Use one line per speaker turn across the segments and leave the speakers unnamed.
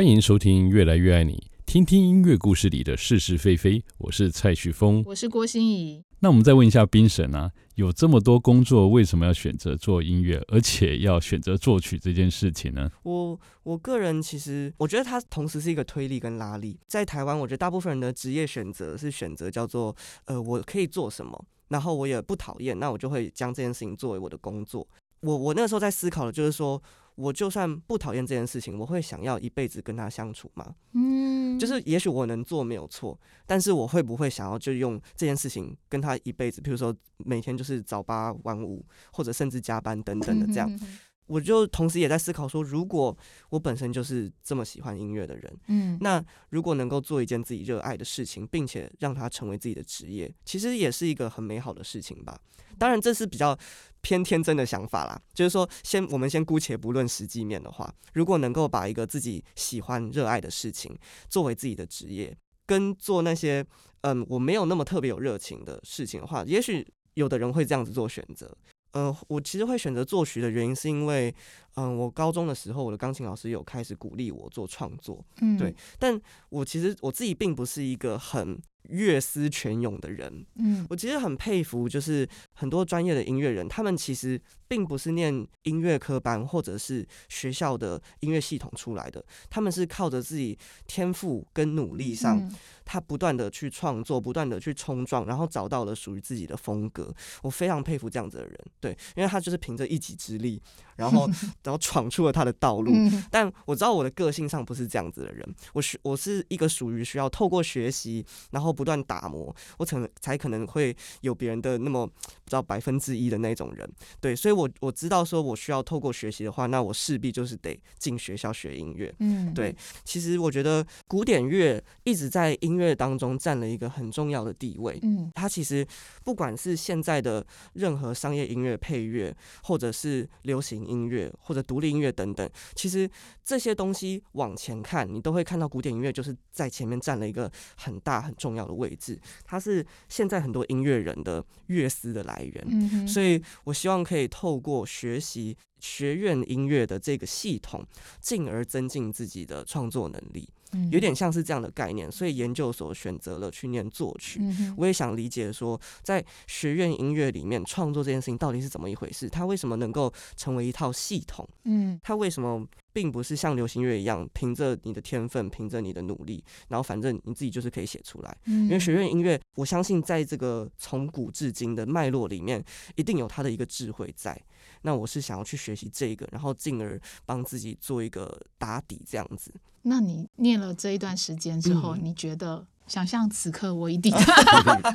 歡迎收聽《樂來越愛你》，聽聽音樂故事裡的是是非非。我是蔡旭峰，我
是郭心怡。
那我們再問一下 Bincent 啊，有這麼多工作，為什麼要選擇做音樂，而且要選擇作曲這件事情呢？
我我個人其實我覺得它同時是一個推力跟拉力。在台灣，我覺得大部分人的職業選擇是選擇叫做呃，我可以做什麼，然後我也不討厭，那我就會將這件事情作為我的工作。我我那個時候在思考的就是說。我就算不討厭這件事情，我會想要一輩子跟他相處嗎？嗯，就是也許我能做沒有錯，但是我會不會想要就用這件事情跟他一輩子，比如說每天就是早八晚五，或者甚至加班等等的這樣。嗯哼哼我就同時也在思考說，如果我本身就是這麼喜歡音樂的人，嗯，那如果能夠做一件自己熱愛的事情，並且讓它成為自己的職業，其實也是一個很美好的事情吧。當然，這是比較偏天真的想法啦。就是說，先我們先姑且不論實際面的話，如果能夠把一個自己喜歡、熱愛的事情作為自己的職業，跟做那些嗯我沒有那麼特別有熱情的事情的話，也許有的人會這樣子做選擇。呃，我其實會選擇作曲的原因是因為。嗯，我高中的時候，我的鋼琴老師有開始鼓勵我做創作，嗯、對，但我其實我自己並不是一個很樂思泉湧的人，嗯，我其實很佩服就是很多專業的音樂人，他們其實並不是念音樂科班或者是學校的音樂系統出來的，他們是靠着自己天賦跟努力上，他不斷的去創作，不斷的去衝撞，然後找到了屬於自己的風格，我非常佩服這樣子的人，對，因為他就是憑着一己之力。然後， 然後闖出了他的道路。但我知道我的個性上不是這樣子的人。我是，我是一個屬於需要透過學習，然後不斷打磨，我才才可能會有別人的那麼不知道百分之一的那種人。對，所以，我我知道說我需要透過學習的話，那我勢必就是得進學校學音樂。嗯，對。其實我覺得古典樂一直在音樂當中佔了一個很重要的地位。嗯，它其實不管是現在的任何商業音樂配樂，或者是流行。音樂或者獨立音樂等等，其實這些東西往前看，你都會看到古典音樂，就是在前面占了一個很大很重要的位置，它是現在很多音樂人的樂思的來源。嗯、哼所以，我希望可以透過學習學院音樂的這個系統，進而增進自己的創作能力。有點像是這樣的概念，所以研究所選擇了去念作曲。我也想理解說，在學院音樂裡面創作這件事情到底是怎麼一回事？它為什麼能夠成為一套系統？嗯，它為什麼並不是像流行樂一樣，憑着你的天分，憑着你的努力，然後反正你自己就是可以寫出來？因為學院音樂，我相信在這個從古至今的脈絡裡面，一定有它的一個智慧在。那我是想要去學習這個，然後進而幫自己做一個打底，這樣子。
那你念了這一段時間之後，嗯、你覺得想象此刻我一定，哎、啊，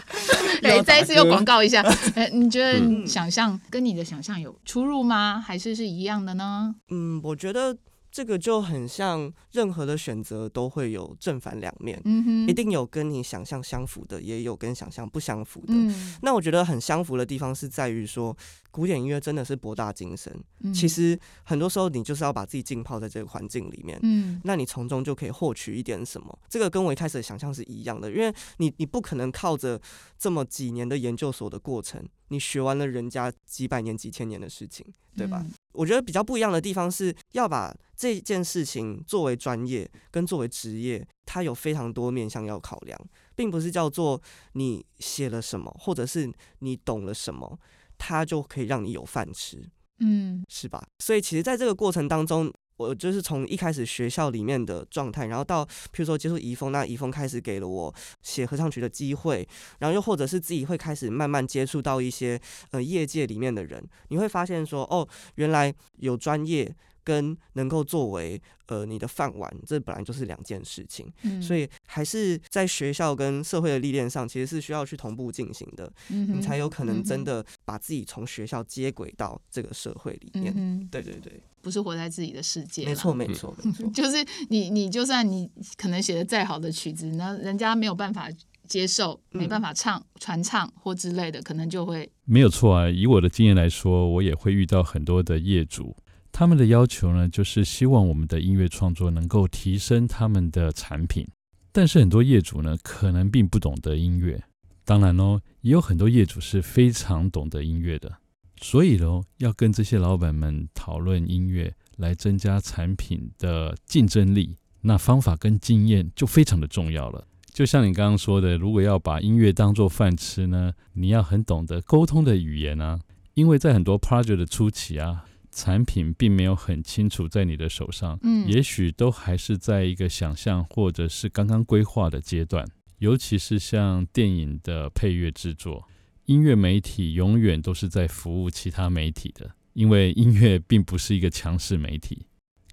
欸，再一次又廣告一下，啊、你覺得想象、嗯、跟你的想象有出入嗎？還是是一樣的呢？嗯，我覺得。
這個就很像任何的選擇都會有正反兩面，嗯、哼一定有跟你想象相符的，也有跟想象不相符的。嗯、那我覺得很相符的地方是在於說，古典音樂真的是博大精深。嗯、其實很多時候你就是要把自己浸泡在這個環境裡面，嗯、那你從中就可以獲取一點什麼。這個跟我一開始的想象是一樣的，因為你你不可能靠着這麼幾年的研究所的過程。你學完了人家幾百年幾千年的事情，對吧？嗯，我覺得比較不一樣的地方是，要把這件事情作為專業跟作為職業，它有非常多面向要考量，並不是叫做你寫了什麼，或者是你懂了什麼，它就可以讓你有飯吃，嗯，是吧？所以其實在這個過程當中。我就是從一開始學校裡面的狀態，然後到譬如說接觸沂風，那沂風開始給了我寫合唱曲的機會，然後又或者是自己會開始慢慢接觸到一些呃業界裡面的人，你會發現說哦，原來有專業。跟能夠作為呃你的飯碗，這本來就是兩件事情，嗯、所以還是在學校跟社會的歷練上，其實是需要去同步進行的，嗯、哼你才有可能真的把自己從學校接軌到這個社會裡面。嗯、哼對對對，
不是活在自己的世界啦。沒錯沒錯沒錯， 就是你你就算你可能寫得再好的曲子，那人家沒有辦法接受，沒辦法唱傳、嗯、唱或之類的，可能就會
沒有錯啊。以我的經驗來說，我也會遇到很多的業主。他們的要求呢，就是希望我們的音樂創作能夠提升他們的產品。但是很多業主呢，可能並不懂得音樂。當然嘍，也有很多業主是非常懂得音樂的。所以呢，要跟這些老板們討論音樂來增加產品的競爭力，那方法跟經驗就非常的重要了。就像你剛剛說的，如果要把音樂當作飯吃呢，你要很懂得溝通的語言啊，因為在很多 project 的初期啊。產品並沒有很清楚在你的手上，嗯，也許都還是在一個想象或者是剛剛規劃的階段，尤其是像電影的配樂制作，音樂媒體永遠都是在服務其他媒體的，因為音樂並不是一個強勢媒體。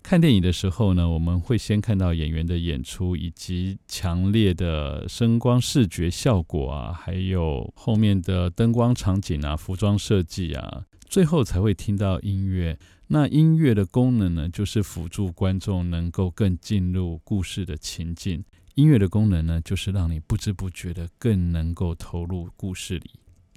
看電影的時候呢，我們會先看到演員的演出，以及強烈的聲光視覺效果啊，還有後面的燈光場景啊，服裝設計啊。最後才會聽到音樂。那音樂的功能呢，就是輔助觀眾能夠更進入故事的情境。音樂的功能呢，就是讓你不知不覺的更能夠投入故事裡，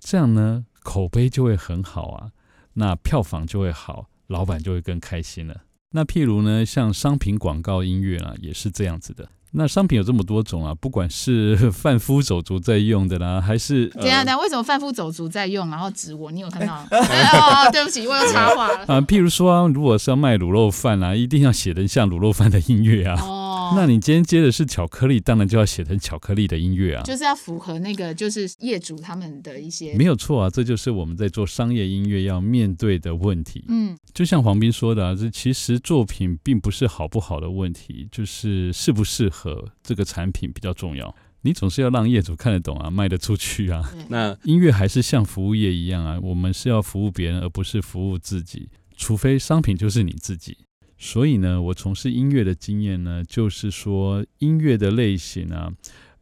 這樣呢，口碑就會很好啊，那票房就會好，老板就會更開心了。那譬如呢，像商品廣告音樂啊，也是這樣子的。那商品有這麼多種啊，不管是販夫走卒在用的啦，還是怎樣、呃、等下，等下，
為什麼販夫走卒在用，然後指我？你有看到？沒有、哎哎哦哦，對不起，我有插
話啊。嗯、譬如說如果是要賣滷肉飯啦、啊，一定要寫得像滷肉飯的音樂啊。哦那你今天接的是巧克力，當然就要寫成巧克力的音樂啊，就是要
符合那個就是業主他們的一些沒有
錯啊，這就是我們在做商業音樂要面對的問題。嗯，就像黃斌說的啊，這其實作品並不是好不好的問題，就是適不適合這個產品比較重要。你總是要讓業主看得懂啊，賣得出去啊。那音樂還是像服務業一樣啊，我們是要服務別人而不是服務自己，除非商品就是你自己。所以呢，我從事音樂的經驗呢，就是說音樂的類型啊，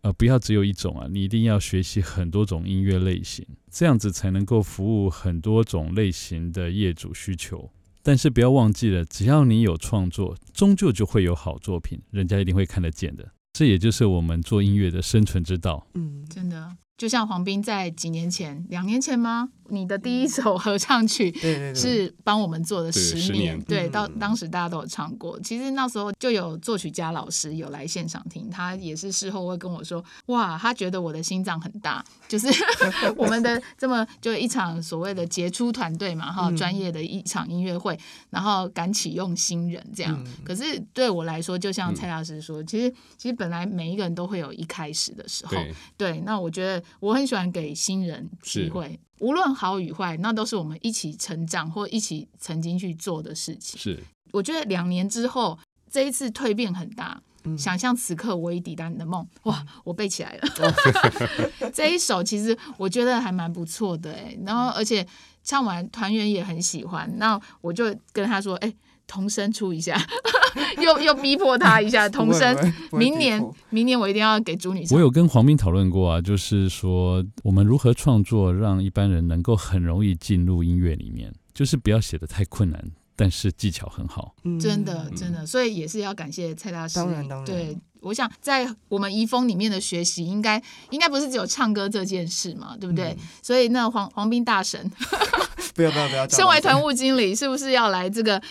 呃，不要只有一種啊，你一定要學習很多種音樂類型，這樣子才能夠服務很多種類型的業主需求。但是不要忘記了，只要你有創作，終究就會有好作品，人家一定會看得見的。這也就是我們做音樂的生存之道。
嗯，真的啊。就像黃斌在幾年前，兩年前嗎？你的第一首合唱曲是幫我們做了《十年》，對對對對，對，十年對，到當時大家都有唱過。其實那時候就有作曲家老師有來現場聽，他也是事後會跟我說：“哇，他覺得我的心臟很大，就是 我們的這麼就一場所謂的傑出團隊嘛，哈，專業的一場音樂會，然後敢啟用新人這樣。可是對我來說，就像蔡老師說，嗯、其實其實本來每一個人都會有一開始的時候，對，對，那我覺得。我很喜歡給新人機會，是無論好與壞，那都是我們一起成長或一起曾經去做的事情。是，我覺得兩年之後這一次蛻變很大。嗯、想象此刻我已抵達你的夢，哇，我背起來了。 這一首其實我覺得還蠻不錯的哎、欸，然後而且唱完團員也很喜歡，那我就跟他說哎。同聲出一下， 又又逼迫他一下， 同聲。明年，明年我一定要給朱女士。我
有跟黃斌討論過啊，就是說我們如何創作，讓一般人能夠很容易進入音樂裡面，就是不要寫得太困難，但是技巧很好。嗯、
真的，真的，所以也是要感謝蔡大師。當然，當然。對，我想在我們沂風裡面的學習，應該應該不是只有唱歌這件事嘛，對不對？嗯、所以那黃黃斌大神，不要
不要不要，不要不要不要身為團務
經理，是不是要來這個？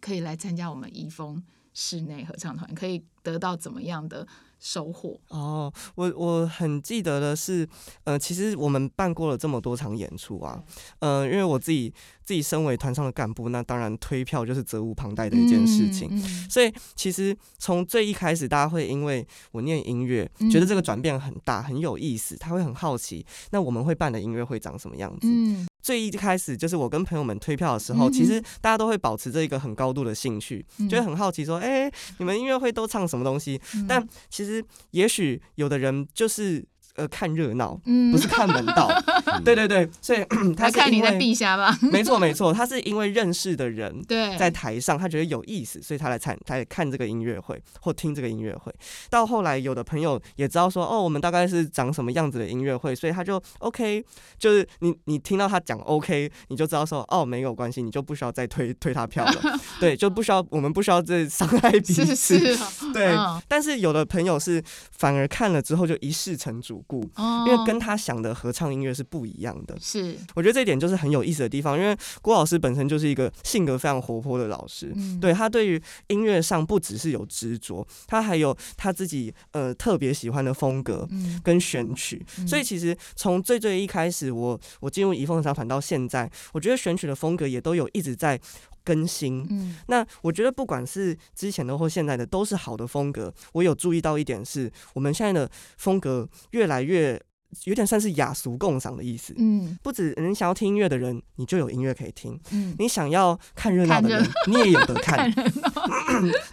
可以來參加我們沂風室內合唱團，可以得到怎麼樣的收穫？
哦，我我很記得的是，呃，其實我們辦過了這麼多場演出啊，嗯、呃，因為我自己自己身為團上的幹部，那當然推票就是責無旁貸的一件事情。嗯嗯、所以其實從最一開始，大家會因為我念音樂，覺得這個轉變很大，很有意思，他會很好奇，那我們會辦的音樂會長什麼樣子？嗯最一開始就是我跟朋友們推票的時候，嗯、哼其實大家都會保持着一個很高度的興趣，就會、嗯、很好奇說：“哎、欸，你們音樂會都唱什麼東西？”嗯、但其實也許有的人就是。呃，看熱鬧、嗯、不是看門道，嗯、對對對，所以他看你在地
下吧？ 沒錯沒錯，他是因
為認識的人在台上，他覺得有意思，所以他來參他也看這個音樂會或聽這個音樂會。到後來，有的朋友也知道說，哦，我們大概是長什麼樣子的音樂會，所以他就 OK，就是你你聽到他講 OK，你就知道說，哦，沒有關係，你就不需要再推推他票了， 對，就不需要我們不需要再傷害彼此，是是哦、對。哦、但是有的朋友是反而看了之後就一試成主。故，因為跟他想的合唱音樂是不一樣的。是，我覺得這一點就是很有意思的地方。因為郭老師本身就是一個性格非常活潑的老師，對他對於音樂上不只是有執着，他還有他自己呃特別喜歡的風格跟選曲。所以其實從最最一開始，我我進入沂風合唱團到現在，我覺得選曲的風格也都有一直在更新，那我覺得不管是之前的或現在的，都是好的風格。我有注意到一點是，我們現在的風格越來越。有點算是雅俗共賞的意思，嗯，不止，你想要聽音樂的人，你就有音樂可以聽；你想要看熱鬧的人，你也有得看。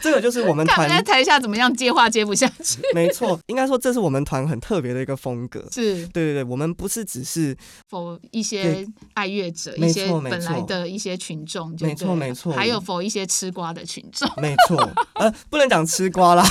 這個就是我們團在
台下怎麼樣接話接不下去？沒
錯，應該說這是我們團很特別的一個風格。是，對對對，我們不是只是
for 一些愛樂者，一些本來的一些群眾，沒錯沒錯，還有 for 一些吃瓜的群眾，沒
錯。呃，不能講吃瓜啦，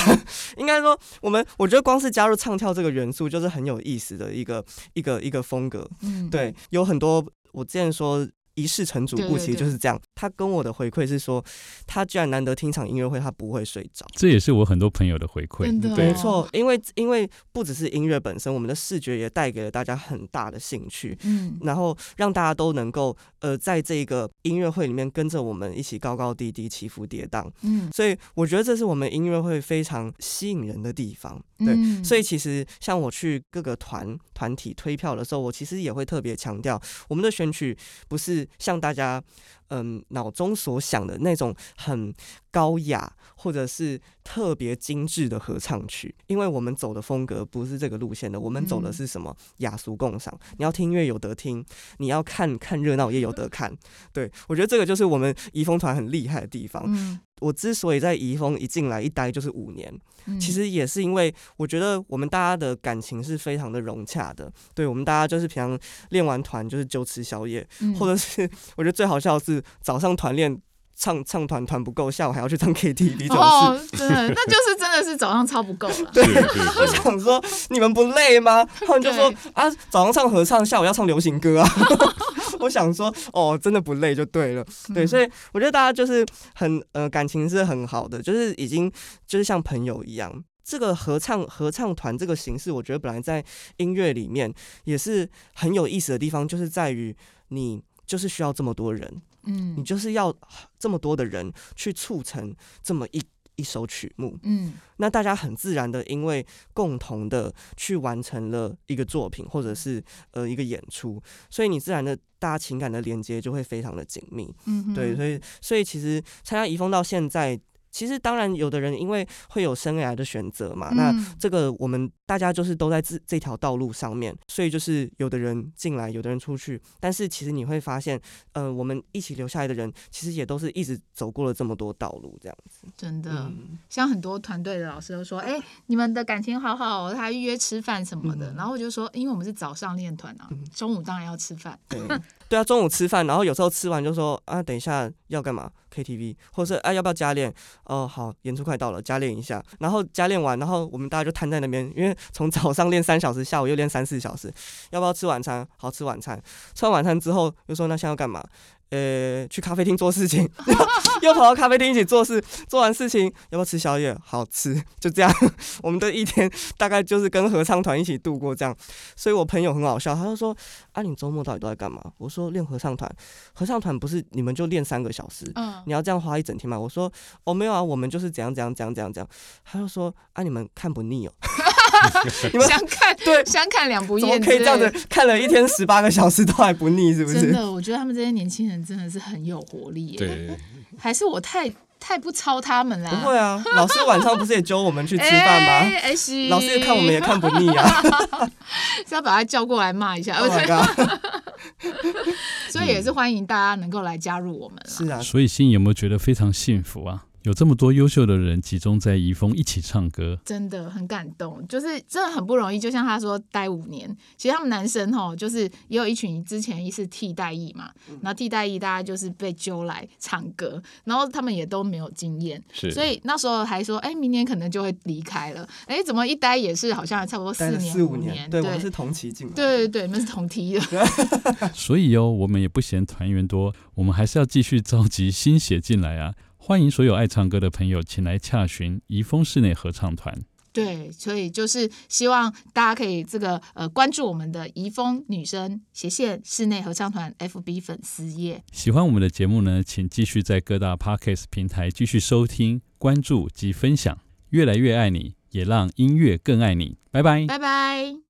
應該說我們，我覺得光是加入唱跳這個元素就是很有意思的。一個一個一個風格，嗯，對，有很多我之前說。一試成主顧，不，其實就是這樣。他跟我的回饋是說，他居然難得聽場音樂會，他不會睡着。
這也是我很多朋友的回饋，真的、啊、對沒錯。
因為因為不只是音樂本身，我們的視覺也帶給了大家很大的興趣。嗯，然後讓大家都能夠呃，在這個音樂會裡面跟着我們一起高高低低起伏跌宕。嗯，所以我覺得這是我們音樂會非常吸引人的地方。對，嗯、所以其實像我去各個團團體推票的時候，我其實也會特別強調我們的選曲不是。向大家。嗯，腦中所想的那種很高雅，或者是特別精緻的合唱曲，因為我們走的風格不是這個路線的，我們走的是什麼？雅俗共賞。你要聽音樂有得聽，你要看看熱鬧也有得看。對，我覺得這個就是我們沂風團很厲害的地方。嗯、我之所以在沂風一進來一待就是五年，嗯、其實也是因為我覺得我們大家的感情是非常的融洽的。對，我們大家就是平常練完團就是就吃宵夜，嗯、或者是我覺得最好笑的是。早上團練唱唱團團不夠，下午還要去唱 K T V，哦，真的， 那就是真的是早上超
不夠了。對，對， 我想說你們不累
嗎？他們就說 Okay. 啊，早上唱合唱，下午要唱流行歌啊。 我想說哦，真的不累就對了。對，所以我覺得大家就是很呃感情是很好的，就是已經就是像朋友一樣。這個合唱合唱團這個形式，我覺得本來在音樂裡面也是很有意思的地方，就是在於你就是需要這麼多人。嗯，你就是要這麼多的人去促成這麼一一首曲目，嗯，那大家很自然的，因為共同的去完成了一個作品，或者是呃一個演出，所以你自然的大家情感的連接就會非常的緊密，嗯哼，對，所以所以其實參加沂風到現在。其實當然，有的人因為會有生涯的選擇嘛，嗯、那這個我們大家就是都在這這條道路上面，所以就是有的人進來，有的人出去。但是其實你會發現，呃，我們一起留下來的人，其實也都是一直走過了這麼多道路這樣
子。真的，嗯、像很多團隊的老師都說，哎、欸，你們的感情好好，還預約吃飯什麼的。嗯、然後我就說，因為我們是早上練團啊，嗯、中午當然要吃飯。對。
對啊，中午吃飯，然後有時候吃完就說啊，等一下要幹嘛？KTV，或是啊，要不要加練？哦，好，演出快到了，加練一下。然後加練完，然後我們大家就癱在那邊，因為從早上練三小時，下午又練三四小時，要不要吃晚餐？好，吃晚餐。吃完晚餐之後，又說那現在要幹嘛？呃、欸，去咖啡廳做事情又，又跑到咖啡廳一起做事，做完事情要不要吃宵夜？好吃，就這樣。我們的一天大概就是跟合唱團一起度過這樣，所以我朋友很好笑，他就說：“啊，你周末到底都在幹嘛？”我說：“練合唱團，合唱團不是你們就練三個小時，嗯，你要這樣花一整天嗎？”我說：“哦，沒有啊，我們就是怎樣怎樣怎樣怎樣怎樣。”他就說：“啊，你們看不膩哦。”
相 們 看對，相看兩不厭。怎麼可以這樣子
看了一天十八個小時都還不膩？是不是？ 真
的，我覺得他們這些年輕人真的是很有活力耶。對，還是我太太不超他們了。不會啊，老師晚上
不是也揪我們去吃飯嗎？ 欸
欸、老師也看我們也看不膩啊， 是要把他叫過來罵一下。Oh、my 所以也是歡迎大家能夠來加入我們。是啊，所
以心怡有沒有覺得非常幸福啊？有這麼多優秀的人集中在沂風一起唱歌，
真的很感動，就是真的很不容易。就像他說，待五年，其實他們男生吼，就是也有一群之前是替代役嘛，然後替代役大家就是被揪來唱歌，然後他們也都沒有經驗，是，所以那時候還說，哎、欸，明年可能就會離開了。哎、欸，怎麼一待也是好像差不多四年五年，對，我們是同期進，對對對，那是同梯的。
所以哦，我們也不嫌團員多，我們還是要繼續召集新血進來啊。歡迎所有愛唱歌的朋友，請來洽詢沂風室內合唱團。
對，所以就是希望大家可以這個呃關注我們的沂風女聲斜線室內合唱團 FB 粉絲頁。
喜歡我們的節目呢，請繼續在各大 Podcast 平台繼續收聽、關注及分享。越來越愛你，也讓音樂更愛你。拜拜，
拜拜。